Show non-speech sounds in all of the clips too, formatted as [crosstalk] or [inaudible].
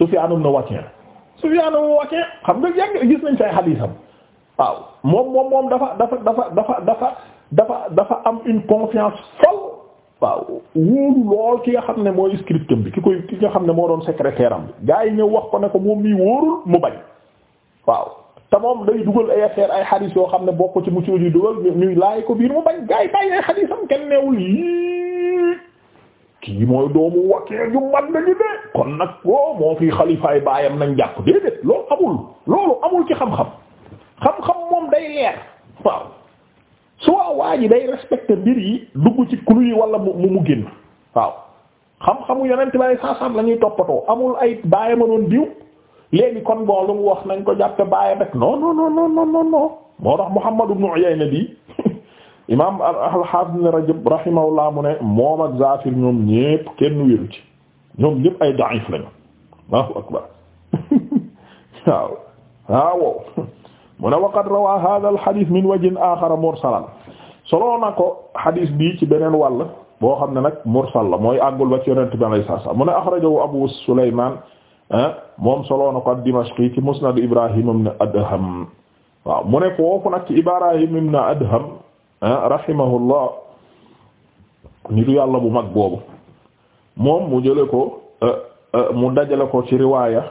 Sufyaan ibn Wakii' Sufyaan ibn Wakii' xam nga yàgg gis nañ say xadiisam waaw moom moom moom dafa dafa dafa dafa dafa dafa dafa am une confiance folle waaw wóolu lool ki nga xam ne mooy scriptum bi ki koy ki nga xam ne moo doon secrétaire am bi gaa yi ñëw wax ko ne ko moom mii wóorul mu bañ waaw te moom day dugal ay affaire ay xadiis yoo xam ne bokk ci mu ci dugal ñuy laay ko biir mu bañ gaa yi bàyyi ay xadiisam kenn neewul yii kii mooy doomu wakkee ju nañu de kon nag o moo fi xalifaay baayam nañ jàpp déedéet loolu amul loolu amul ci xam-xam xam-xam moom day leer waaw su waa ji day respecté mbir yi dugg ci kulu yi wala mu mu génn waaw xam-xamu yonent bi saa saam ñuy toppatoo amul ay baayama doon diw léegi kon boo lu mu wax nañ ko jàppe baayam rek non non non non non non moo tax Muhammad ibn Uyayna bi [laughs] imaam al-Hafiz Ibn Rajab rahimahullah mu ne moom ak Zafir ñoom kenn wéru ci ñoom ñépp ay da'if lañu akbar [laughs] waaw waaw mu ne waqad rawaa hadha al min wajhin akhar mursalan solo na ko hadith bi ci beneen wàll boo xam ne nag mursal la mooy àggul ba ci yonent bi alayhi salaam Abu Sulayman ah, moom solo na ko ad-Dimashqi ci musnad Ibrahim mu ne foofu nag Adham Ah, rahimahullah nitu yàlla bu mag boobu moom mu jële ko eh, eh, mu dajale ko ci riwaaya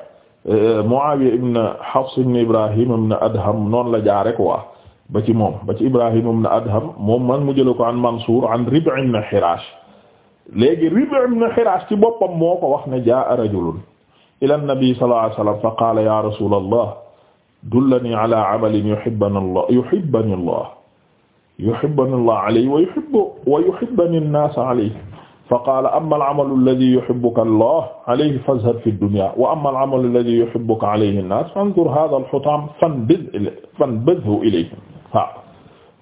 eh, Muawiya ibn Hafs ibn Ibrahim ibn Adham noonu la jaare ko waa ba ci moom ba ci Ibrahim ibn Adham moom man mu jële ko an Mansuur an Rib' ibn Hiraash léegi Rib' ibn Hiraash ci boppam moo ko wax ne jaa rajulun ila an-nabi sallallahu alayhi wa sallam fa qaala ya rasulallah dullanii ala amalin yuhibbunii Allah yuhibbunii Allah yuhibbani allah alayhi wa yuhibbu wa yuhibbani an-nas alayhi fa qaala amma al-amalu alladhi yuhibbuka allah alayhi fazhad fi ad-dunya wa amma al-amalu alladhi yuhibbuka alayhi an-nas fanzur hadha al-hutam fanbidh fanbidhhu ilayhim waaw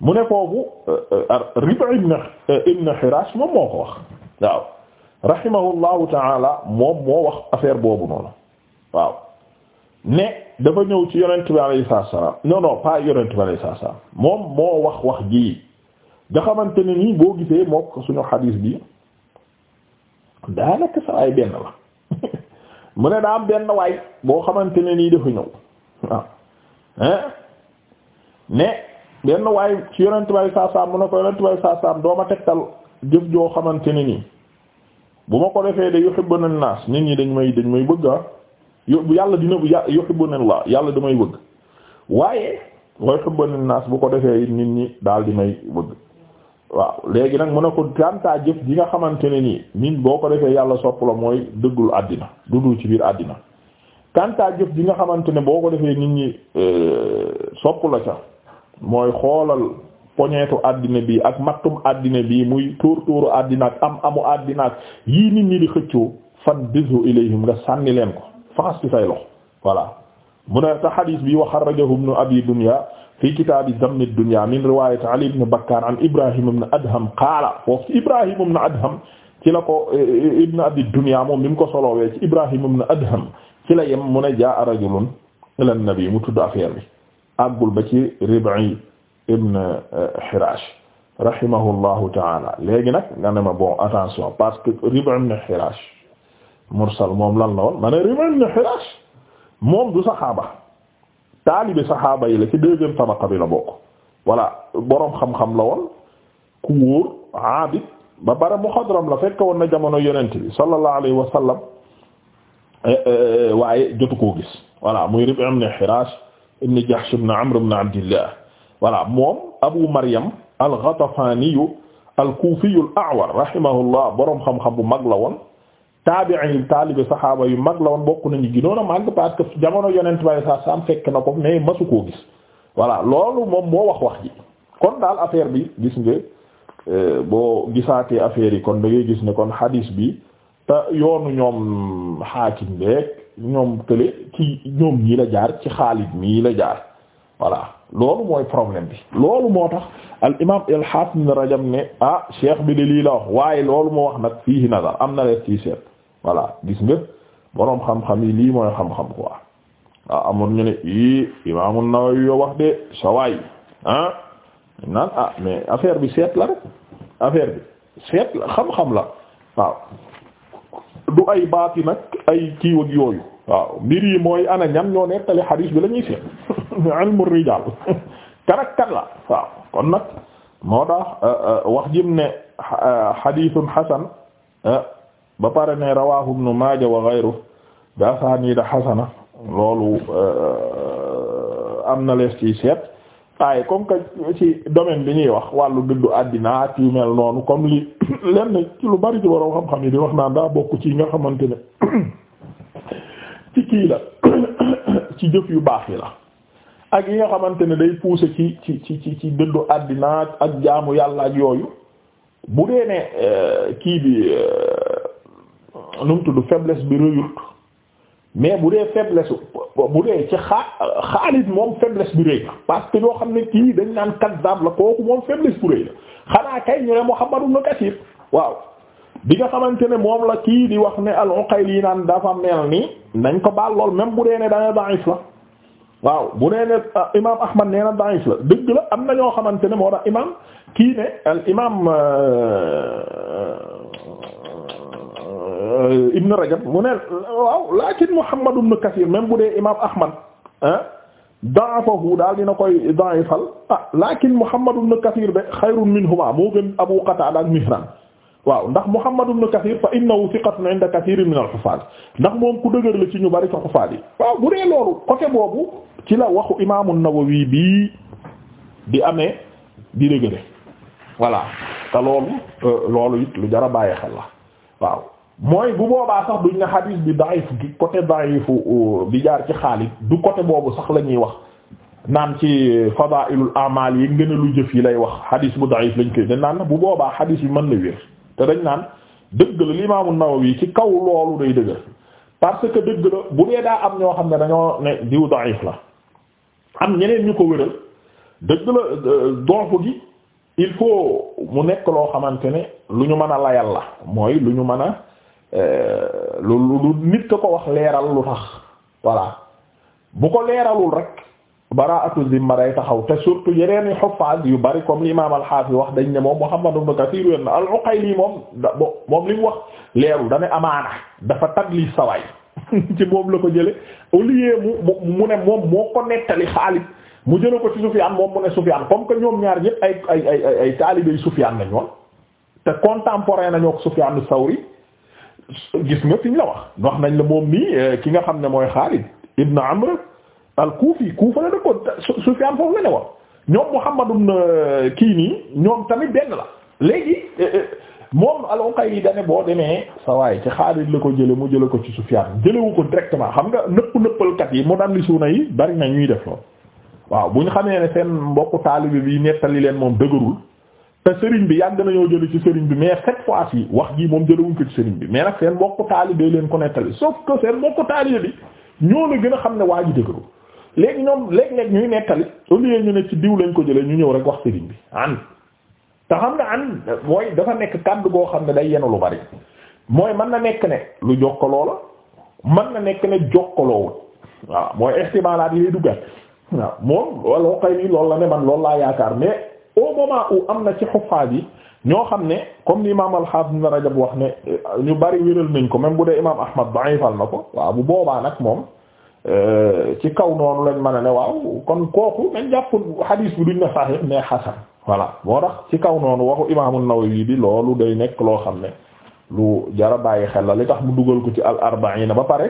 mu ne foofu euh, euh, Rib'i ibn euh, Hirash moom moo ko wax waaw rahimahullahu ta'ala moom moo wax affaire boobu noonu waaw ne dafa ñëw ci yonent bi alayhi salaam non non pas yonent moom moo wax wax ji nga xamante ne nii boo gisee mook suñu xadiis bi daanaka sa waay benn la [laughs] mu ne daa am benn waay boo xamante ne nii dafa ñëw waaw ah. ne benn waay ci yonent bi alayhi salaam mu ne ko yonent bi alayhi salaam doo ma tegtal jëf joo xamante ne nii bu ma ko defee de yuhibbuna an-nas nit ñi dañ may dañ may bëgg ah. yàlla dina yuhibbunillah yàlla damay bëgg waaye wa yuhibbun naas bu ko defee nit ñi daal di may bëgg waaw léegi nag mën a ko gàntaa jëf ji nga xamante ne nii min boo ko defee yàlla sopp mooy dëggul àddina dudul ci biir àddina gàntaa jëf ji nga xamante ne boo ko defee nit ñi eh, sopp la ca mooy xoolal poñeetu àddina bi ak mattum àddina bi muy tuur tuuru àddina ak am amu àddina ak yii nit ñi di xëccoo fan bisu ilayhim nga sànni leen ko faas ci say loxo voilà mu ne te xadis bi wa xarajahu ibnu abi dunya fi kitaabi dammi dunya min riwayat ali ibn bakkar an ibrahim ibn adham qaala foofu ci ibrahim ibn adham ci la ko eh, eh, ibn abi dunya moom mi mu ko solowee ci ibrahim ibn adham ci la yem mu ne jaa rajulun ila nabi mu tudd affaire bi àggul ba ci rib'i ibn eh, hirash rahimahullahu taala léegi nag nga ne ma bon attention parce que rib'i ibn hirash mursal moom lan la woon ma ne Rimaam ibn Hiraash moom du saxaaba taalibi saxaaba yi la ci deuxième tabaqa bi la bokk voilà boroom xam-xam la woon ku wóor aabid ba bare la fekk woon na jamono yonent bi sallallahu alayhi wa sallam eh, eh, waaye jotu muy Rimaam ibn Hiraash ibn Jahsh ibn Amr ibn Abdillah voilà moom Abu Maryam al-Ghatafani al-Kufi al-A'war rahimahullah boroom xam bu mag la woon. taabi'i taalibe saxaaba yu mag la woon bokk nañu ginoon a màgg parce que jamono yonent bi saa saam fekk na ko mais masu koo gis voilà loolu moom moo wax wax ji kon daal affaire bi gis nga euh, boo gisaatee affaire yi kon da gis ne kon hadis bi te yoonu ñoom Haakim beek ñoom kële ci ñoom ñii la jaar ci Xaalid mii la jaar voilà loolu mooy problème bi loolu moo tax al imaam al Haafiz Ibn Rajab ne ah cheikh bi de lii la wax waaye loolu moo wax nag fiihi nazar na lees ci voilà gis nga boroom xam-xam yi lii mooy xam-xam quoi waaw ñu ne i Imam nawawi yo wax de sawaay ah, ah affaire bi seet la rek affaire bi seet la xam-xam la waaw du ay baati nag ay kiiwag yooyu waaw mbir mooy ana ñam ñoo nettali xadiis bi la ñuy seet [laughs] ilmu rijaal [laughs] karak kat la waaw kon nag moo tax euh, euh, wax jim ne euh, xadiisun xasan ba pare ne rawahu ibnu maaja wa ghayru bi asaaniida xasana loolu am na lees ci seet waaye comme que ci domaine bi ñuy wax wàllu dëddu àddina ak yu mel noonu comme li [coughs] lenn ci lu bari ci borom xam-xam yi di wax naa daa bokk ci nga xamante ne [coughs] ci kii la [coughs] ci jëf yu baax yi la ak yi nga xamante ne day pousser ci ci ci ci dëddu àddina ak jaamu yàlla yooyu bu dee ne euh, kii bi euh, nu mu tudd faiblesse bi rëyut mais bu dee faiblesse bu dee ci xaa Xaalid moom faiblesse bi rëy la parce que yoo xam ne kii dañ naan kazzab la kooku moom faiblesse bu rëy la xanaa kay ñu ne Muhammad waaw bi nga xamante ne moom la kii di wax ne al-Uqayli naan dafa mel nii nañ ko baal lool même bu dee ne dana da'if la waaw bu nee ne ah, imaam Ahmad nee na da'if la dëgg la am na ñoo xamante ne moo tax imaam kii ne al imaam euh, Euh, ibn Rajab mu ne waaw lakin Muhammad ibn Kathir même bu dee imaam Ahmad ah da'afahu daal dina koy da'ifal ah lakin Muhammad ibn Kathir be xayrun minhuma moo gën Abu Qatada ak Mihran waaw ndax Muhammad ibn Kathir fa innahu thiqatun 'inda kathirin min al-huffaz ndax moom ku dëgër la ci ñu bari ci xuffaat yi. waaw bu dee loolu côté boobu ci la waxu imaam an wii bii di amee di dëgëre voilà te loolu euh, loolu it lu jar a bàyyi xel la waaw. mooy bu boobaa sax ñu ne xadiis bi daif gi côté daifu euh, bi jaar ci Xaalid du côté boobu sax la ñuy wax naan ci fadailul amal yi ngën a lu jëf yi lay wax xadiis bu daif lañ koy dañ naan bu boobaa xadiis bi mën na wér te dañ naan dëgg la l'imaamu Nawawi ci kaw loolu day dëgër parce que dëgg la bu dee daa am ñoo xam ne dañoo ne diw daif la am ñeneen ñu ko wéral dëgg la euh, donf gi il faut mu nekk loo xamante ne lu ñu mën a layal la mooy lu ñu mën a Euh, lu lu nit ka ko wax leeral lu tax voilà bu ko leeralul rek baraatu zimma day taxaw te surtout yeneen i xufaas yu bari comme l'imam al-Hafiz wax dañ ne moom Muhammad ibn Kathir wén na al-Uqayli mu wax leerul dane amaana dafa tadlis sawaay [laughs] ci moom la ko jële au lieu mu mu ne moom moo ko nettali Xaalid mu jële ko ci Sufyaan moom mu ne Sufyaan comme que ñoom ñaar ñëpp ay ay ay ay taalibey Sufyaan lañu woon te contemporain nañoo ko Sufyaan as-Sawri gis nga fi la wax wax nañ la moom nii eh, ki nga xam ne mooy Xaalid ibn Amr al-Kufi Kufa la dëkkoon Sufyaan foofu la ne wax ñoom Muhammadum eh, kii nii ñoom tamit benn la léegi eh, moom al-Uqayli dane boo demee sa waay ci Xaalid la ko jële mu jële ko ci Sufyaan jëlewu ko directement xam nga nëpp nëppalkat yi mu daan li suuna yi bari na ñuy def lool waaw bu ñu xamee ne seen mbokku taalibe bi nettali leen moom dëgërul te sëriñ bi yàgg nañoo jël ci sëriñ bi mais cette fois ci wax jii moom jëlewuñ ko ci sëriñ bi mais nag seen mbokku taalibe leen ko nettali sauf que seen mbokku taalibe bi ñoo la gën a xam ne waa ji dëgëru léegi ñoom léeg-léeg ñuy nettali au ñu ne ci diw lañ ko jëlee ñu ñëw rek wax sëriñ bi an te xam nga an mooy dafa nekk kàddu goo xam ne day yenu lu bari mooy mën na nekk ne lu jokkaloo la mën na nekk ne jokkaloowul waaw mooy ihtimalaat yi lay duggaat waaw moom waloo koy ni loolu la man loolu laa yaakaar mais au moment où am na ci xuffaat yi ñoo xam ne comme ni imaam al-Hafiz Ibn Rajab wax ne euh, ñu bari wéral nañ ko même bu dee imaam Ahmad da'ifal na ko waaw bu boobaa nag moom euh, ci kaw noonu lañ mën a ne waaw kon kooku nañ jàpp hadith bi duñ na sahih mais hasan voilà boo tax ci kaw noonu waxu imaam an yii di loolu day nekk loo xam ne lu jara bàyyi xel la li tax mu dugal ko ci al-arba'in ba pare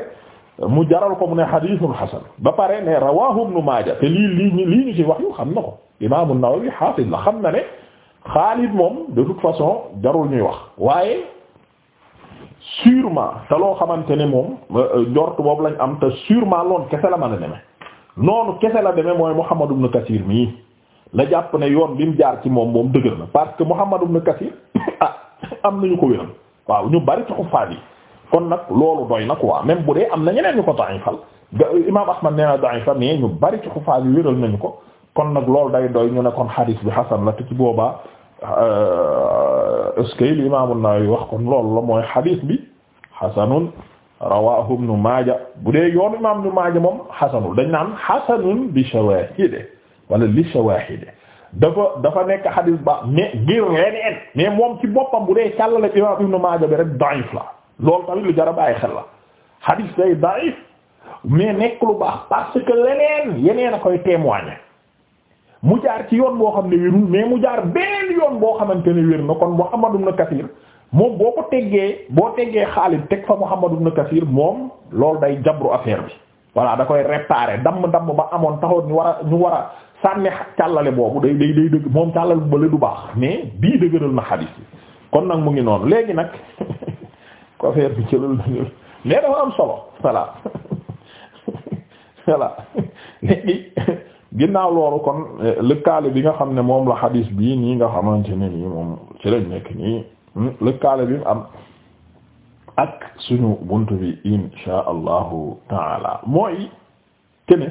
mu jaral ko mu ne hadithun hasan ba pare ne rawahu Ibn Majah te lii lii ci wax xam na ko Imaam An-Nawawi xaafis la xam na ne Xaalid moom de toute façon jarul ñuy wax waaye sûrement te loo xamante ni moom euh, jort boobu lañ am te surement loon kese la mën a demee noonu kese la demee mooy Muhammad ibn Kathir mii la jàpp ne yoon bi mu jaar ci moom moom dëgër na parce que Muhammad ibn Kathir [coughs] ah am nañu ko wéram waaw ñu bari ci xuffaat yi kon nag loolu doy na quoi même bu dee am na ñeneen ñu ko da'ifal Imaam Ahmad nee na da'ifal mais ñu bari ci xuffaat nañu ko. kon nag loolu day doy ñu ne kon xadis bi xasan la te ci boobaa euh, est-ce que wax kon loolu la mooy xadis bi xasanun rawaahu Ibnu Maaja bu dee yoonu Imaam Ibnu Maaja moom xasanul dañ naan xasanun bi shawaahid wala li shawaahid dafa dafa nekk xadis ba mais ngir leneen mais moom ci boppam bu dee càllale Imaam Ibnu Maaja bi rek da'if la lool tamit lu jar a bàyyi day da'if mais nekk lu baax parce que yeneen a koy mu jaar ci yoon boo xam ne wérul mais mu jaar benn yoon boo xamante ne wér na kon Muhammad na Kathir moom boo ko teggee boo teggee Xaalid teg fa Muhammad na Kathir moom lool day jabru affaire bi voilà da koy réparer dam damm ba amoon taxoon ñu war a ñu war a sànni càllale boobu day day day dëgg moom càllale bu bale du baax mais bii dëgëral na xadiis bi kon nag mu ngi noonu léegi nag [laughs] ko affaire bi jëlal nañu mais dafa am solo voilà [laughs] voilà [laughs] léegi ginnaaw loolu kon eh, lëkkaale bi nga xam ne moom la xadiis bii nii nga xamante ne nii moom ci lañ nekk nii hmm, lëkkaale bi mu am ak suñu buntu bi insha allahu taala mooy kene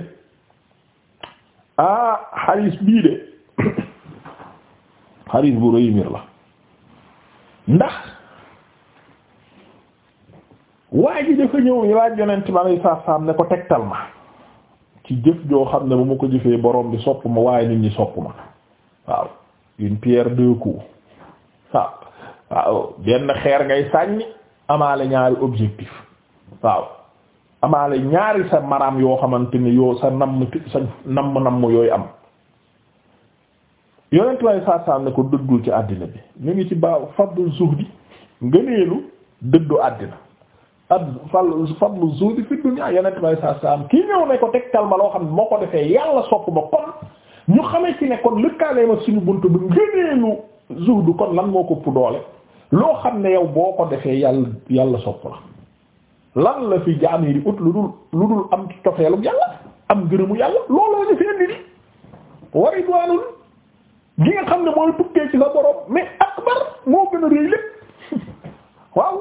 ah xadiis bii de [coughs] xadiis bu rëy mbir la ndax waa ji dafa ñëw laaj yonent bi alayhi salaam ne ko tegtal ma ci jëf joo xam ne bu ma ko jëfee borom bi sopp ma waaye nit ñi sopp ma waaw une pierre deux waaw waaw benn xeer ngay sànni amaale ñaari objectif waaw amaale ñaari sa maraam yoo xamante ni yoo sa namm namm yooyu am yonentu waaye saasaan ne ko dëddul ci àddina bi ñu ngi ci baaw faddu zuhdi ngëneelu dëddu àddina fadlu fadlu zuhdi fi dunya yonent bi saa saam kii ñëw ne ko tegtal ma loo xam ne moo ko defee yàlla sopp ma kon ñu xamee ci ne kon lëkkaale ma suñu buntu bi ngëneelu zuhdu kon lan moo ko ëpp doole loo xam ne yow boo ko defee yàlla yàlla sopp la lan la fi yi ut lu dul lu dul am cofeelu yàlla am ngërëmu yàlla looloo ñu wa nga xam ne mooy tukkee ci sa borom mais akbar moo gën a réy lépp [laughs] waaw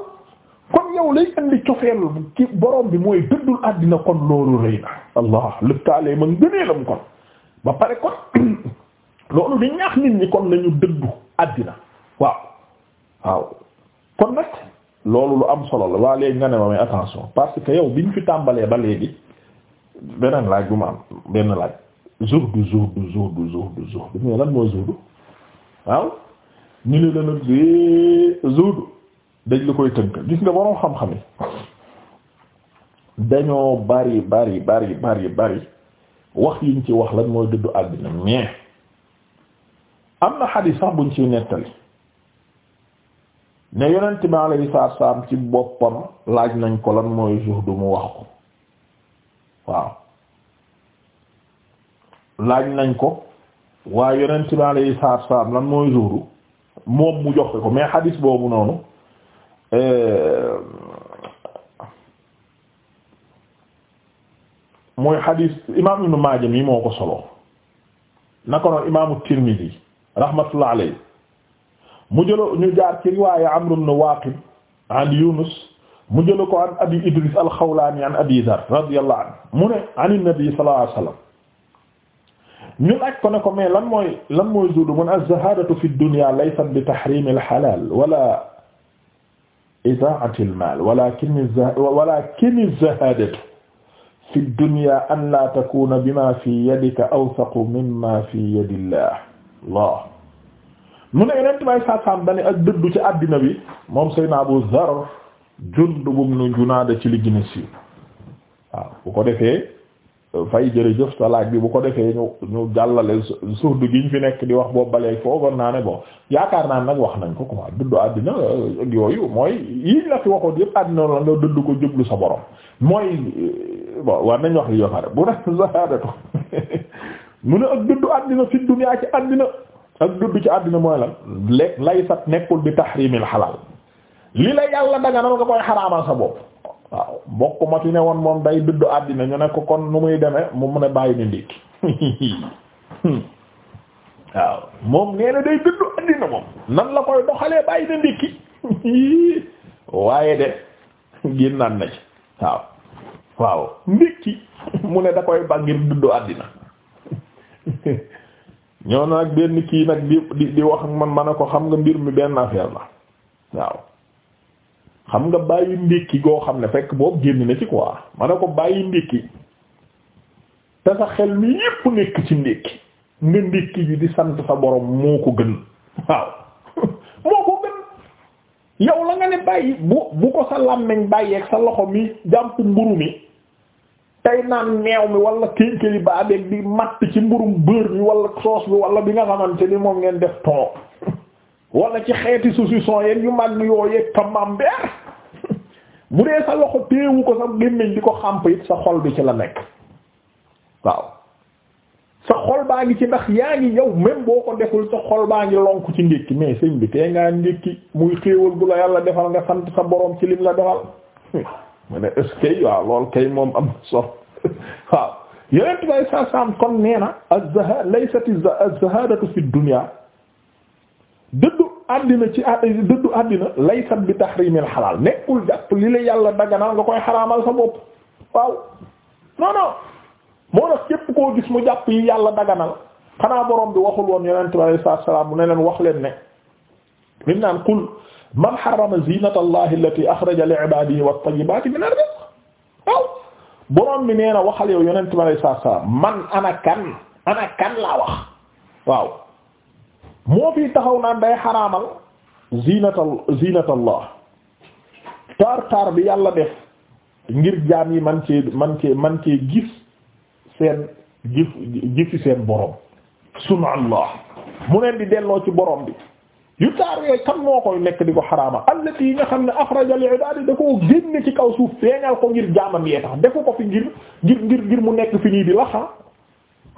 kon yow lay indi cofeel ci bi mooy dëddul àddina kon loolu rëy na allah lëptaalee ma ngëneelam kon ba pare kon [clears throat] loolu di ñaax nit ñi kon nañu dëddu àddina waaw waaw kon nag loolu lu am solo la waa léegi nga ne ma mais attention parce que yow bi ñu fi tàmbalee ba léegi beneen laaj bu ma am benn laaj zuhdu zuhdu zuhdu zuhdu zuhdu mais lan mooy zuhdu waaw ñu ne la nag eh, zuhdu dañ la koy tënk gis nga boroom xam-xam yi dañoo bari bari bari bari bari wax yiñ ci wax lañ mooy dudd àddina mais am na xadiis sax buñ ciy nettali ne yonent bi alayhi am ci boppam laaj nañ ko lan mooy jour du mu wax ko waaw laaj nañ ko waaye yonent bi alayhi salaatu lan mooy zuhdu moom mu joxe ko mais xadiis boobu noonu Euh, mooy xadiis imaam ibnu Maaja mi moo ko solo naka noonu imaamu Tirmidi rahmatullah alayhi mu jëlo ñu jaar ci riwaaya Amr ibn Waaqid an Yunus mu jëlo ko an Abi Idris al-Xawlaani an Abi Dar radiyallahu anhu mu ne an Nabi sallallahu alayhi wa sallam ñu laaj ko ne ko mais lan mooy lan mooy zuhd mun az-zahaadatu fi dunya laysa bi tahriimil xalaal wala iza'atil maal walaakin walaakin az-zahaadatu fi dunyaa an laa takuuna bimaa fi yadika awthaqu mimmaa fi yadillaah Allah mu ne Yonent bi saa saam dañuy ak dëddu ci àddina bi moom Seydina Abu Zarr Jundub ibn Junaada ci li gën a siiw waaw bu ko defee. fay jërëjëf sa laaj bi bu ko defee ñu ñu jàllale surdu gi ñu fi nekk di wax boobu balee foogoon naa ne boo yaakaar naa nag wax nañ ko quoi dëddu àddina euh, yooyu mooy yiñ la fi waxoon yëpp àddina la nga dëdd ko jublu sa borom mooy euh, bon war nañ wax yoo yopare bu na sahaadatu [laughs] mu ne ak dëddu àddina fi dunya ci àddina ak dëddu ci àddina mooy lan lay sat nekkul di tahrimil xalaal lii la yàlla danga na nga koy xaraamal sa bopp waaw mbokk ma fi ne woon moom day dudd àddina ñu ne ko kon nu muy demee mu mën a bàyyi ni ndékki [laughs] waaw moom nee na day dudd àddina moom nan la koy doxalee bàyyi na ndékki [laughs] waaye de génnaan na ci waaw waaw ndékki [laughs] mu ne da koy ba ngir dudd àddina ñoo nag benn kii nag di di di wax ak man ma ne ko xam nga mbir mi benn affaire la waaw xam nga bàyyi ndékki goo xam ne fekk boobu génn na ci quoi ma ne ko bàyyi ndékki te sa xel mi yépp nekk ci ndékki nga ndékki ji di sant sa borom moo ko gën waaw [laughs] moo ko gën yow la nga ne bàyyi bu bu ko sa làmmiñ bàyyeeg sa loxo mi jàmp mburu mi tey naan meew mi walla kénkéli ba abeeg di matt ci mburum beurre bi wala sauce bi wala bi nga xamante ni moom ngeen def ton [laughs] wala ci xeeti saucisson yeeg yu mag yooyeeg camembert [laughs] bu dee sa loxo téewu ko sa gémmiñ di ko xàmp it sa xol bi ci la nekk waaw sa xol baa ngi ci ndax yaa ngi yow même boo ko deful sa xol baa ngi lonk ci ndékki mais sëñ bi tey ngaa ndékki muy xéewal gu la yàlla defal nga sant sa borom ci lim la defal [laughs] mu ne est waaw lool kay moom am solo [laughs] waaw yeneen bay sa sam kon nee na az-zaha laysat az-zahadatu fi dunya dëddu àddina ci dëddu àddina laysat bi tahrimil xalaal nekkul jàpp li la yàlla daganal nga koy xaraamal sa bopp waaw non non moo tax képp koo gis mu jàpp yi yàlla daganal xanaa borom bi waxul woon yonent bi alayhi salaatu salaam mu ne leen wax leen ne liñ naan qul man harrama zinata allahi allati akhraja li ibadihi wat tayyibati min ar-rizq waaw borom bi nee na waxal yow yonent bi alayhi salaatu salaam man ana kan ana kan laa wax waaw moo fi taxaw naan day xaraamal zinatal zinatallah taar taar bi yàlla def ngir jaam yi man cee man cee man cee gis seen gis gisi seen borom sunallah mu neen di delloo ci borom bi yu taar yooyu kan moo koy nekk di ko xaraamal allati yi nga xam ne axraja li ibaadi da ci kaw suuf feeñal ko ngir jaamam yee tax defu ko fi ngir ngir ngir ngir mu nekk fi nii di laxa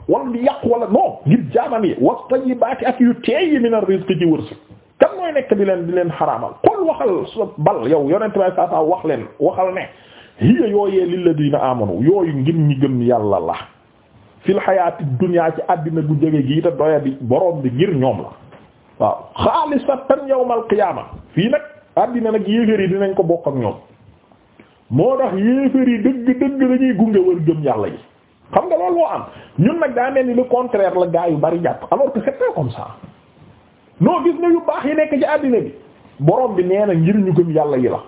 wala di yàq wala non ngir jaamam yi wa tayyibaati ak yu teey min ar-rizqi ci wërsëg kan mooy nekk di leen di leen xaraamal kon waxal sa bal yow yonent bay saa saa wax leen waxal ne hiya yooyee lilladiina amanu yooyu ngir ñi gëm yàlla la fil xayaati dunya ci àddina gu jege gii te doya bi borom bi ngir ñoom la waaw xaalisatan yawmal qiyaama fii nag àddina nag yéeféer yi dinañ ko bokk ak ñoom moo tax yéeféer yi dëgg dëgg lañuy gunge wër gëm yàlla yi xam nga loolu moo am ñun nag daa mel ni le contraire la gaa yu bari jàpp alors que c'est pas comme ça non gis na yu baax yi nekk ci àddina bi boroom bi nee na ngir ñu gëm yàlla yi la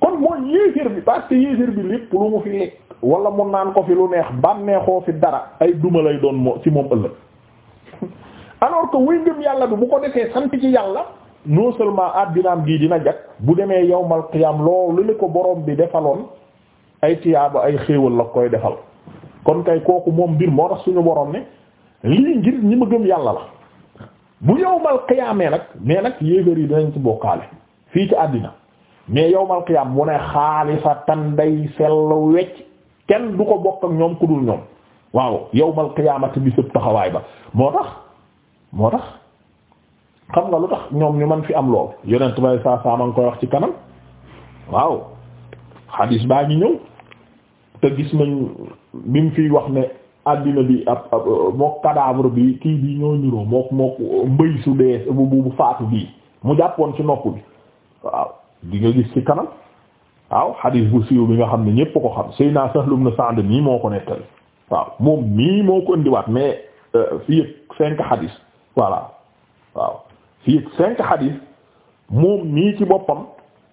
kon mooy yéefir bi parce que yéefir bi lépp lu mu fi lekk wala mun naan ko fi lu neex bànneexoo fi dara ay dumal lay doon moo ci moom ëllëg [laughs] alors que wuy ngëm yàlla bi bu ko defee sant ci yàlla non seulement addinaam gii dina jag bu demee yow yawmal qiyam loolu li ko borom bi defaloon ay tiyaaba ay xéewal la koy defal kon kay kooku moom mbir moo tax suñu borom ne lii ngir ñi ma gëm yàlla la bu yowmal qiyaamee nag mais nag yéegar yi dinañ ci bokkaale fii ci àddina mais yowmal qiyaam mu ne xaalisatan day sell wecc kenn du ko bokk ak ñoom ku dul ñoom waaw yowmal qiyaamati bi sëb taxawaay ba moo tax moo tax xam nga lu tax ñoom ñu mën fi am lool yonent bay saa saa ma koy wax ci kanam waaw xadiis baa ngi ñëw te gis nañ bi mu fiy wax ne àddina bi ab ab mook cadavre bi kii bi ñoo ñuroo mook mook mbëy su dee bu bu faatu bii mu jàppoon si nopp bi waaw di nga gis ci kanam waaw xadiis bu siiw bi nga xam ne ñépp ko xam Seydina Sahl ibn Sa'd nii moo ko nettali waaw moom nii moo ko indiwaat mais euh, fii ak cinq xadiis voilà waaw fii ak cinq xadiis moom nii ci boppam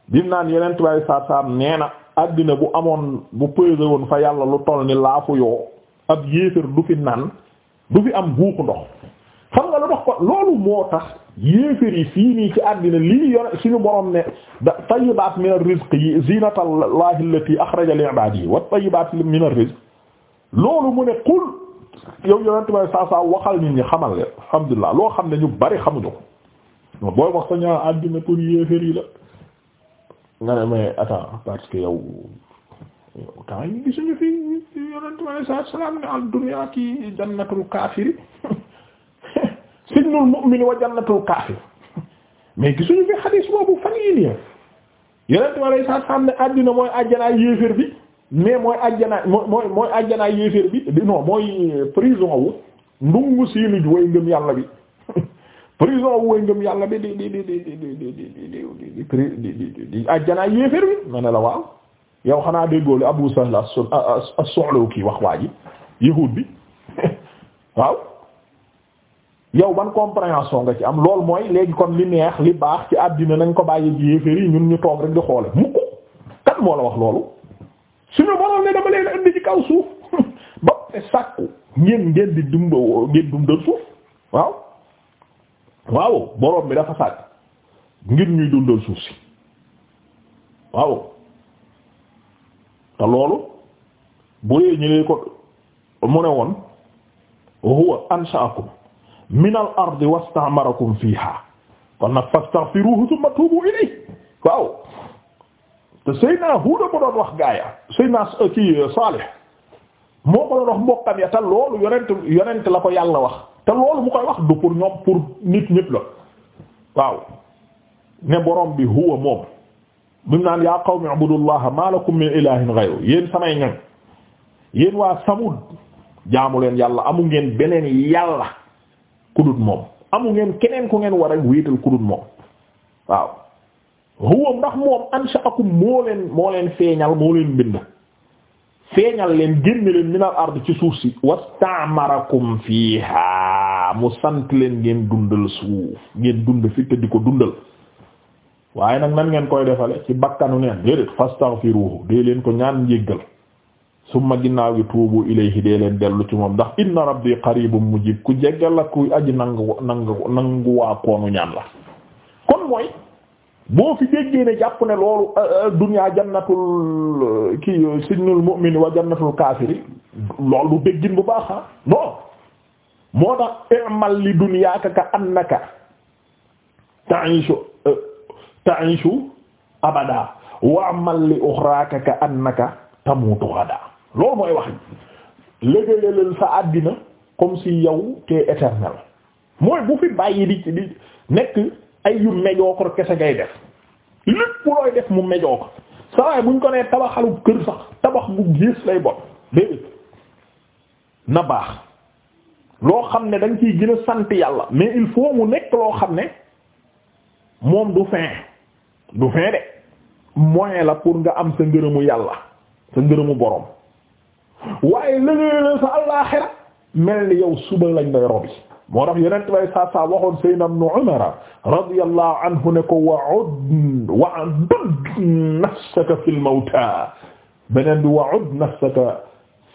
di naan yeneen tubaab yi saa saa nee na. àddina bu amoon bu pesé woon fa yàlla lu toll ni laafu yoo ab yéefér du fi naan du fi am guuxu ndox xam nga lu dox ko loolu moo tax yéefér yi fii nii ci àddina lii yore suñu borom ne da tayyibaat min ar-rizq yi zinatallahi allati akhraja li ibadihi loolu mu ne qul yow yonent bay saa saa waxal loo xam ne ñu bari xamuñu ko booy wax sañaa àddina pour yéefér yi la nga ne mais attends parce que yow yow temps yi gisuñu fi yonent bi alayhi salaatu ne ad-dunya ki jannatul kaafiri [laughs] sijnul mu'min wa jannatul kaafir mais gisuñu fi xadiis boobu fan yii nii yonent bi alayhi ne àddina mooy àjjanaay yéeféer bi mais mooy àjjanaay mooy mooy àjjanaay yéeféer bi non mooy prison wu ndungu siinu way ngëm yàlla bi prison wu ngëm yàlla bi di di di di di di di di di di di ajjanaay yéefér bi ma ne la waaw yow xanaa déggoole Abu Sahl as-Su'luki kii wax waa ji yahuud bi waaw yow ban compréhension nga ci am loolu mooy léegi kon li neex li baax ci àddina nañ ko bàyyi ci yéefér yi ñun ñu toog rek di xoole mukk kat moo la wax loolu suñu borom ne dama leen indi ci kaw suuf ba sàkku ngeen ngeen di dumba ngeen dundal suuf waaw waaw borom bi dafa sàkk ngir ñuy dundal suuf si waaw te loolu bu dee ñu lay ko mu ne woon huwa ansha'akum min al ardi wastamarakum kon nag fastaghfiruhu thumma tubu ilayhi waaw te Seydina Huud doon wax gaaya Seydina kii Saalih moo ko doon wax mbokkam ya te loolu yonent yonent la ko yàlla wax te loolu mu koy wax du pour ñoom pour nit ñépp la waaw ne borom bi huwa moom bi mu naan yaa qawmi ubudullaha ma lakum min ilahin ghayru yéen samay ñoñ yéen waa samud jaamu leen yàlla amu ngeen beneen yàlla ku dut moom amu ngeen keneen ku ngeen war a wéetal ku dut moom waaw huwa ndax moom ansha'akum moo leen moo leen feeñal moo leen bind feeñal leen génne leen minal ard ci suuf si wastamarakum fiha mu sant leen ngeen dundal suuf ngeen dund fi di ko dundal waaye nag nan ngeen koy defale ci bakkanu neen déedéet fastaghfiruhu dee leen ko ñaan njéggal summa ginnaaw gi tuubu ilayhi dee leen dellu ci moom ndax inna rabbi qaribun mujib ku jéggal la ku aji nangu nangu nangu waa koonu ñaan la kon mooy boo fi déggee ne jàpp ne loolu euh, euh, dunya jannatul euh, kii sijnul mu'min wa jannatul kaafiri loolu déggin bu baax ah non moo tax i'mal li dunyaaka ka annaka ka annaka tamutu ghadan loolu mooy wax léegi sa àddina comme si yow t'es éternel mooy bu fi bàyyi di di nekk. ay yu médiocre kese ngay def lépp looy def mu médiocre sawaay buñ ko nee tabaxalu kër sax tabax bu gis lay bon déedéet na baax loo xam ne da nga ciy gën sant yàlla mais il faut mu nekk loo xam ne moom du fin du fin de moyen la pour nga am sa ngërëmu yàlla sa ngërëmu borom waaye lëgéy la sa àllaaxira mel ni yow suba lañ lay robi moo tax yenent bay saa saa waxoon sayyidina ibn Umar radiyallahu anhu ne ko wa'ud wa'ud nafsaka fil mawta beneen bi wa'ud nafsaka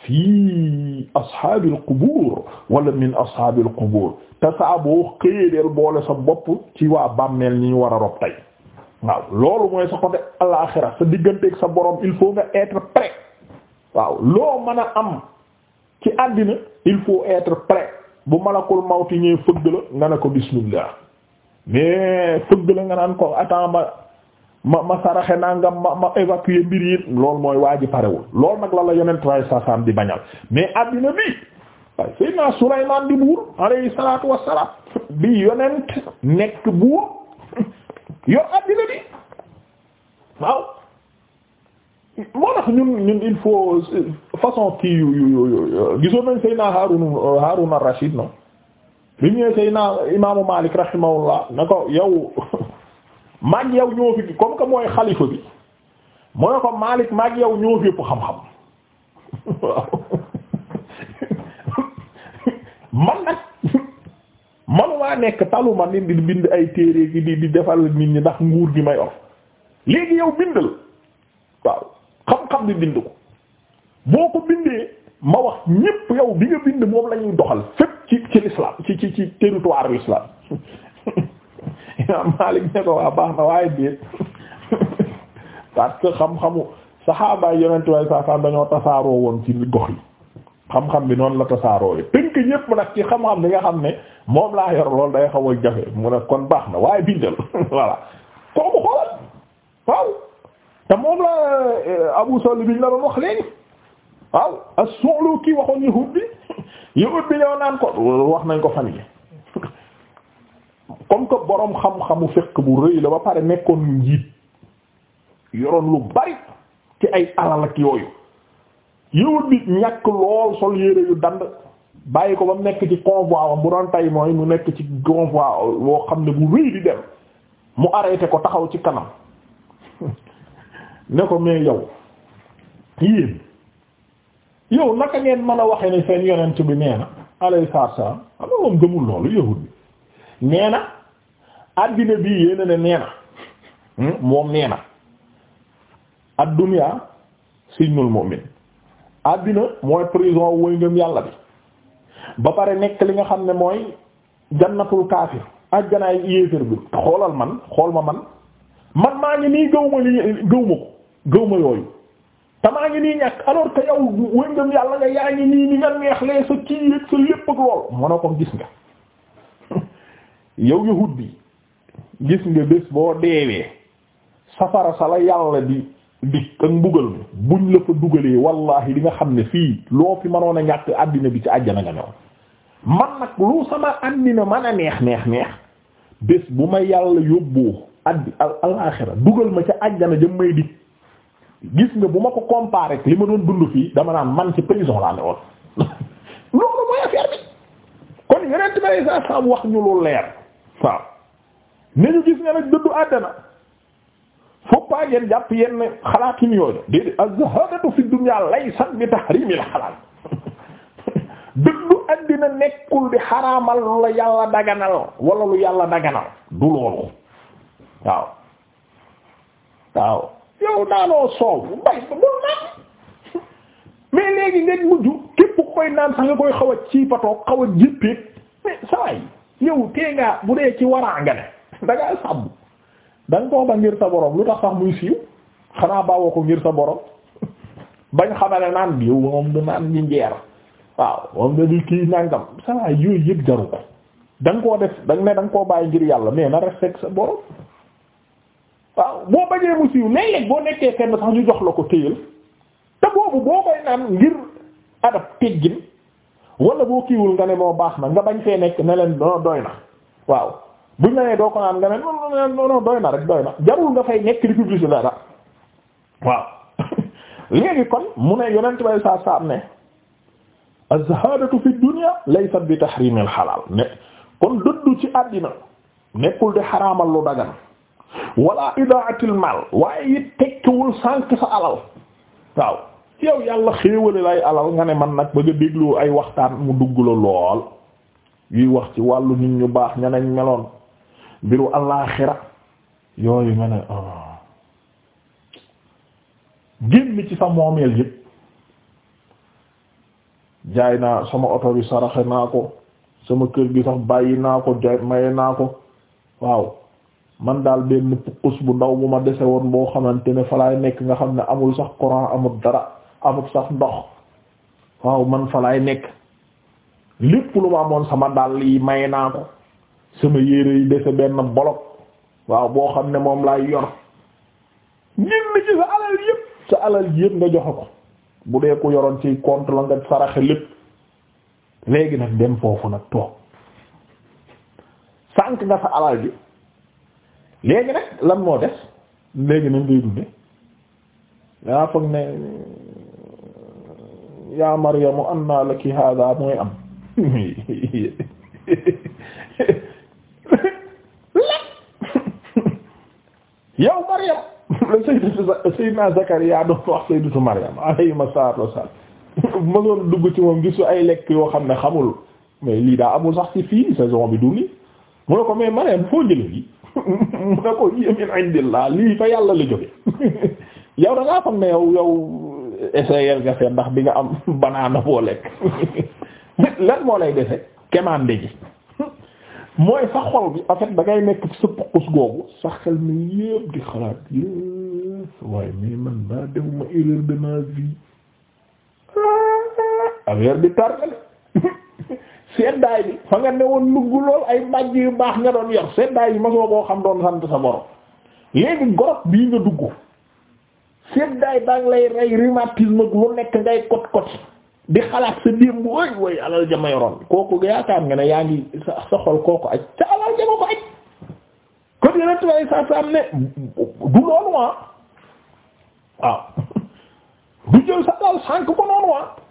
fii ashaabil qubuur wala min ashaabil qubuur te saa boo xëyee boole sa bopp ci waa bàmmeel ñi war a rob tey waaw loolu mooy sa côté alaaxira sa digganteeg sa borom il faut nga être prêt waaw loo mën a am ci àddina il faut être prêt bu malakul mawti ñëwee fëgg la nga ne ko bismillah mais fëgg la nga naan ko attends ma ma ma saraxe nangam ma ma évacuer mbir yi loolu mooy waa ji parewul loolu nag la la yonent way sasam di bañal mais addina bi waaye sayyidina Sulaymaan di buur alayhi salaatu wassalaam bi yonent nekk buur [laughs] yor addina bi waaw moo tax ñun ñun il faut euh, façon kii yu yu yu gisoon nañ Seydina Haarun Haarun ar-Rashid non bi ñu nee Seydina imaamu Malik rahimahullah na ko yow [laughs] mag yow ñoo fi comme que mooy xalifa bi mu ne ko Malik mag yow ñoo fi ëpp xam-xam waaw [laughs] man nag [laughs] manumaa nekk taluma nit di bind ay téere gi di di defal nit ñi ndax nguur gi may of léegi yow bindal waaw xam-xam bi bind ko boo ko bindee ma wax ñépp yow bi nga bind moom lañuy ñuy doxal fépp ci ci l'islam ci ci ci territoire l'islam [laughs] imam Malik ne ko waa ah, baax na waaye déet [laughs] parce que xam-xamu saxaabaay yonent way saasaan dañoo tasaaroo woon ci gox yi xam-xam bi noonu la tasaaroo yi tënk ñépp nag ci xam-xam bi xam ne moom laa yor lool day xaw a jafe mu ne kon baax na waaye bindal [laughs] voilà kooku xoolal te moom la euh, Abu Sahl bi ñu la doon wax léegi waaw as-Su'luki waxoon yahut bi [laughs] yahut bi ñoo naan ko wax nañ ko fan yi comme que boroom xam-xamu fiqh bu rëy la ba pare nekkoon njiit yoroon lu bari ci ay alal ak yooyu yahut bi ñàkk lool sol yére yu dand bàyyi ko ba mu nekk ci convoi wam bu doon tay mooy mu nekk ci convoi woo xam ne bu rëy di dem mu arrêté ko taxaw ci kanam [laughs] ne ko mais yow yéen yow naka ngeen mën a waxee ne seen yonent bi nee na alayhi salaam am na moom gëmul loolu yahud bi nee na addina bii yéena ne nee na hmm, moom nee na ad-dunya sijnul mu'min addina mooy prison woy ngëm yàlla bi ba pare nekk li nga xam ne mooy jannatul kaafir ajjanaay yéeféer bi xoolal man xool ma man man maa ngi nii gëwma li gëwma ko gëwma yooyu tamaa ngi nii ñàkk alors que yow wëngam yàlla nga yaa ngi nii ni nga neexlee sa kii yëg sa lépp ak lool mën ko gis nga yow yahut bi gis nga bés boo deewee safara sa la yàlla di dikk ak mbugal mi buñ la fa dugalee wallahi di nga xam ne fii loo fi mënoon a ñàkk àddina bi ci àjjana nga ñëw man nag lu sama àddina man a neex neex neex bés bu ma yàlla yóbboo addi al- alaaxira dugal ma ci àjjana jëm may dikk gis nga bu ma ko comparer ak li ma doon dund fii dama naan man ci prison laa ne [laughs] loolu mooy affaire bi kon yeneen tubaab sa sax wax ñu lu leer waaw ne ñu gis nga nag dëddu àddina jàpp yenn xalaat yu yooyu déedéet az-zahadatu fi dunya laysat [laughs] nekkul di xaraamal lu la yàlla daganal wala lu yàlla daganal du loolu waaw waaw. yow naanoo soow mbay bul naan mais léegi ngeen mujj képp koy naan sax nga koy xaw a ciipatoo xaw a jippeeg mais tee ngaa bu dee ci waraa nga ne da ngaa sàmm da nga koo ba ngir sa borom lu tax sax muy siiw xanaa bawoo ko ngir sa boroom bañ xamale naan yow moom du naan ñi njeer waaw moom da di kii nangam saway yooyu yëpp jaru ko da koo def da nga ne da koo bàyyi ngir yàlla mais na respect sa borom waaw boo bañee mu siiw léeg-léeg boo nekkee fenn sax ñu jox la ko téyal te boobu boo koy naan ngir adab teggin wala boo kiiwul nga ne moo baax na nga bañ fee nekk ne leen non doy na waaw buñ la nee doo ko naan nga ne non non doy na rek doy na jarul nga fay nekk di publicité dara waaw [laughs] léegi kon mu ne yonent bay saa saa am ne az-zahadatu fi dunya laysat bi tahrimil halal ne kon dëddu ci àddina nekkul di xaraamal lu dagan wala idaatil mal waaye it tekkiwul sànq sa alal waaw yow yàlla xéewale lay alal nga ne man nag bëgg a déglu ay waxtaan mu dugg la lool yuy wax ci wàllu nit ñu baax ñanañ meloon mbiru alaaxira yooyu nga ne ah. génn ci sa moomeel yëpp jaay naa sama oto bi saraxe naa ko sama kër gi sax bàyyi naa ko jaay maye naa ko waaw man daal benn pukus bu ndaw bu ma dese woon boo xamante ne falaay nekk nga xam ne amul sax courant amul dara amul sax ndox waaw man falaay nekk lépp lu ma amoon sama dàll yi may naa ko sama yére yi dese benn bolog waaw boo xam ne moom laay yor ñenn ci sa alal yépp sa alal yépp nga joxe ko bu dee ko yoroon ci compte la nga saraxe lépp léegi nag dem foofu nag toog sànk nga sa alal ji léegi nag lan moo def léegi nañ ngay dunde yaa foog ne yaa maryamu anna laki hada mooy am yow maryam la sayyidatu sayyidna zakariya doon wax sayyidatu maryam alayhima salaatu wassalaam mësoon dugg ci moom gisu ay lekk yoo xam ne xamul mais lii daa amul sax ci fii saison bi du mu ne ko mais maryam foo jële lii [laughs] mu ne ko hiya min indillah lii fa yàlla la jóge [laughs] yow da ngaa xam ne yow yow essayer nga seet ndax bi nga am [laughs] banaana boo lekk lan defe kemande ji mooy sa xol bi en fait ngay nekk ci sa pukkus googu sa xel mi yëpp di xalaat yëpp waaye mais man ba dew ma erreur vie affaire bi targale seddaay bi fa nga ne woon lugg lool ay mbàjj yu baax nga doon yor seddaay bi ma soo boo xam doon sant sa borom léegi gorog bii nga dugg seddaay baa lay rey rhumatisme lu nekk ngay kot kot di xalaat sa démb woy woy alal jama yoroon kooku yaakaar nga ne yaa ngi sa sa xol kooku aj sa alal jama ko aj kon yeneen tubaab sa am ne du noonu waa ah. waaw [laughs] du jël sa alal sànk ko noonu waa ah.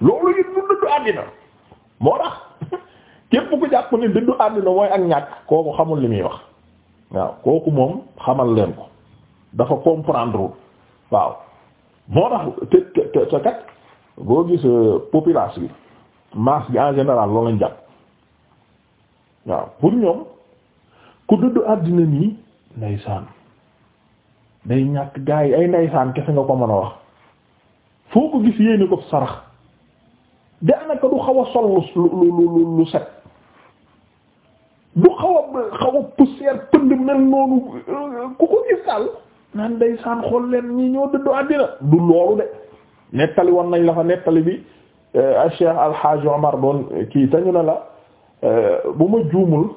loolu it du dëddu àddina moo tax képp ku jàpp ni dëddu àddina mooy ak ñàkk kooku xamul li muy wax waaw kooku moom xamal leen ko dafa comprendre waaw moo tax te te te kat boo gis euh, population bi masse bi en général loolu lañ waaw pour ñoom ku dëddu àddina nii ndeysaan day ñàkk gaa yi ay ndeysaan kese nga ko mën a wax foo ko gis yéene ko sarax daanaka du xaw a sol lu lu lu set du xaw a xaw a poussière pënd mel noonu euh, ku ko gis daal naan day saan xool leen ñi ñoo dëddu àddina du loolu de nettali woon nañ la fa nettali bi euh, Cheikh Alhaji Omar doon kii tañu ne la euh, bu ma juumul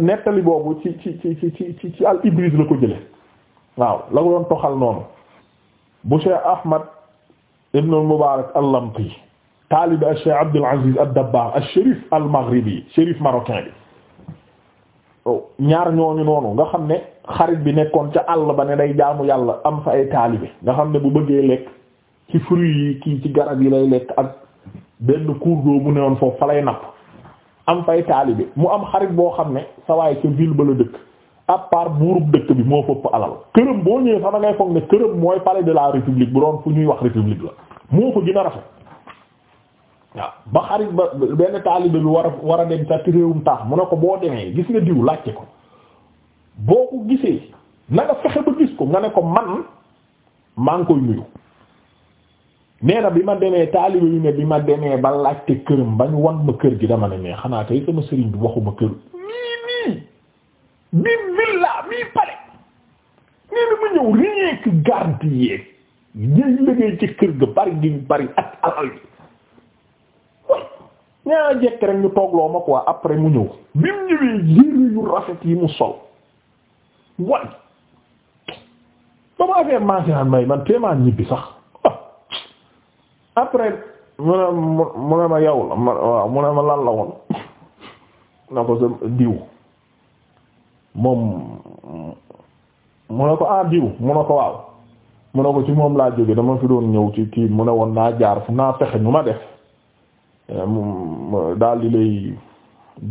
nettali boobu ci ci ci ci ci al Ibris la ko jële waaw la ko doon toxal noonu bu Cheikh Ahmad ibn Mubarak al taalibe Cheikh Abdul Aziz ad-Dabbagh ash-Sharif al-Maghribi Sharif marocain bi oh, ñaar ñooñu noonu nga xam ne xarit bi nekkoon ca àll ba ne day jaamu yàlla am fa ay taalibe nga xam ne bu bëggee lekk ci fruits yi kii ci garab yi lay lekk ak benn cours d'eau bu newoon foofu fa lay napp am fay taalibe mu am xarit boo xam ne sa waaye ca ville ba la dëkk à part buurub dëkk bi moo fëpp alal këram boo ñëwee sax da ngay foog ne këram mooy palais de la république bu doon fu ñuy wax république waaw ba xarit ba benn taalibe bi war a war a dem sa réewum taax mu ne ko boo demee gis nga diw laajte ko boo ko gisee na fexe ba gis ko nga ne ko man maa ngi koy nuyu nee na bi ma demee taalibe bi ne bi ma demee ba laajte këram ba ñu ma kër gi dama ne mais xanaa tey sama sëriñ bi waxuma kër mii mii pare nee na ma ñëw réeg garde yeeg ñëy liggéey ci kër ga bari gi bari ak alal yi ñaa jekk rek ñu toogloo ma après mu ñëw bi mu ñëwee yu rafet yi mu sol way ba ma affaire mancinaan may man téemaan ñibbi sax après mu ne mu ne ma yow la ma waaw mu ne ma lan la woon [laughs] na ko sa diw moom mu ne ko ah diw mu ne ko waaw mu ne ko ci moom laa jóge dama fi doon ñëw ci kii mu ne woon naa jaar fu naa fexe ñu ma def Euh, daal di lay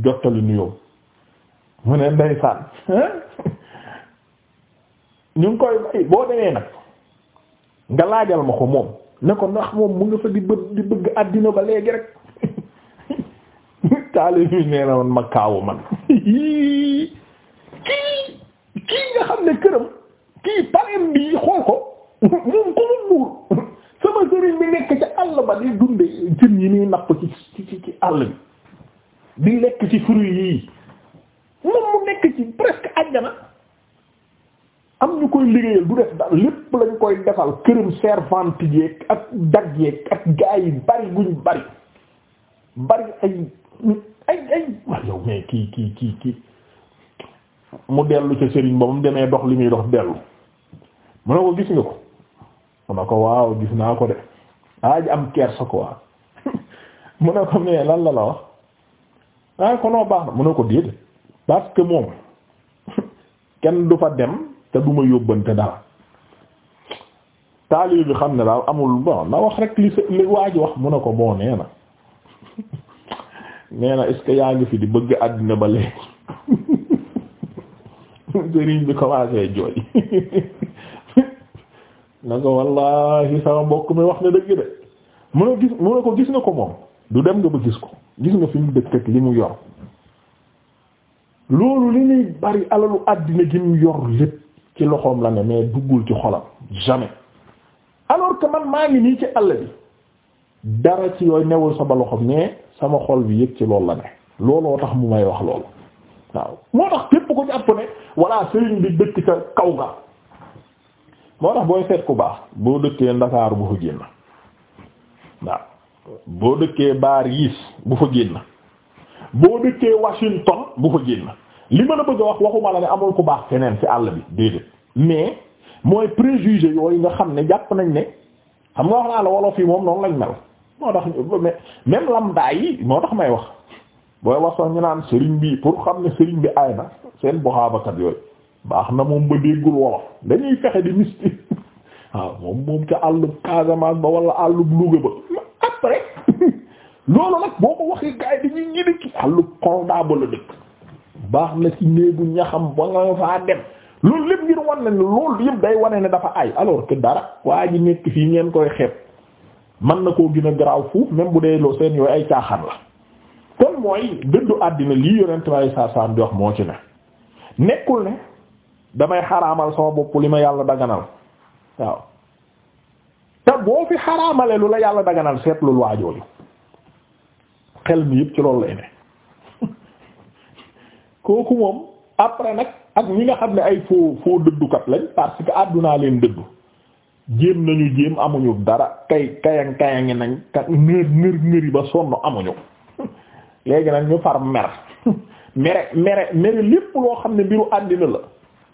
jottali nuyoo mu ne ndeysaan [laughs] ñu ngi koy boo demee nag nga laajal ma ko moom ne ko ndax moom mu nga fa di bëgg àddina ba léegi rek [laughs] taalib yi nee na man ma kaawu man [laughs] kii kii nga xam ne këram kii pareem bi xool ko moom ko mu buur sama sëriñ bi nekk ci àll ba di dunde jën yi ñuy napp ci ci ci àll bi di lekk ci fruits yii moom mu nekk ci presque àjjana am ñu koy liggéeyal du def daal lépp lañ koy defal këram servante yeeg ak dag yeeg ak gaa yi bari guñ bari bari ay ay ay waa yow mais kii kii kii kii mu dellu ca sëriñ ba mu demee dox li muy dox dellu mu ne ko gis nga ko mu ne ko waaw gis naa ko de aaj am kersa quoi [laughs] mu ne ko mais lan la la wax ah konoo baax na mu ne ko déedéet parce moom [laughs] kenn du fa dem te du ma yóbbante dara taalibe bi xam ne daal amul na wax rek li li waa wax mu ne ko bon nee na [laughs] nee na fi di bëgg àddina ba léegi sëriñ bi commencé jooy na ko wallaahi sama mbokk mi wax na dëgg de mu ne gis mu ne ko gis nga ko moom du dem nga ba gis ko gis nga fi mu dëkk li mu yor loolu li muy bari alalu àddina gi mu yor lépp ci loxoom la ne mais duggul ci xolam jamais alors que man maa ngi nii ci àll bi dara ci yooyu newul sama loxoom mais sama xol bi yëpp ci loolu la ne looloo tax mu may wax loolu waaw moo tax képp ko jàpp ne walla sëriñ bi dëkk ca kaw ga moo tax booy seet ku baax boo dëkkee ndakaaru bu fa génn waaw boo dëkkee Paris bu fa génn boo dëkkee Washington bu fa génn li ma la bëgg a wax waxuma la ne amul ku baax feneen ci àll bi déedéet mais mooy préjugé yooyu nga xam ne jàpp nañ ne xam nga wax naa la wolof yi moom noonu lañ mel moo tax même lamda yi moo tax may wax booy wax sax ñu naan sëriñ bii pour xam ne sëriñ bi ay na seen boxaabakat yooyu baax na moom ba déggul wolof dañuy fexe di mystique [laughs] waaw moom moom ca àllub Casamance ba wala àllub Louga ba après [laughs] loolu nag boo ko waxee gars yi dañuy ñi dëkki àllub Kolda ba la dëkk baax na ci néegu ñaxam ba nga faa dem loolu lépp ngir wan loolu yëpp day wane ne dafa ay alors que dara waa ji nekk fii ngeen koy xeeb mën na koo gën a garaaw fuuf même bu dee loo seen yooyu ay caaxaan la kon mooy dëddu àddina lii yonent bi sallallahu alayhi wasallam wax moo ci ne nekkul damay xaraamal sama bopp li ma yàlla daganal waaw te boo fi xaraamale lu la yàlla daganal seetlul waajooju xel mi yépp ci loolu lay ne [laughs] kooku moom après nag ak ñi nga xam ne ay foo foo dëddukat lañ parce que àddunaa leen dëddu jéem nañu jéem amuñu dara kay kayang kayangi nañ kat ngër ngër ngëri ba sonn amuñu [laughs] léegi nag ñu far mer [laughs] mere mere lépp loo xam ne mbiru àddina la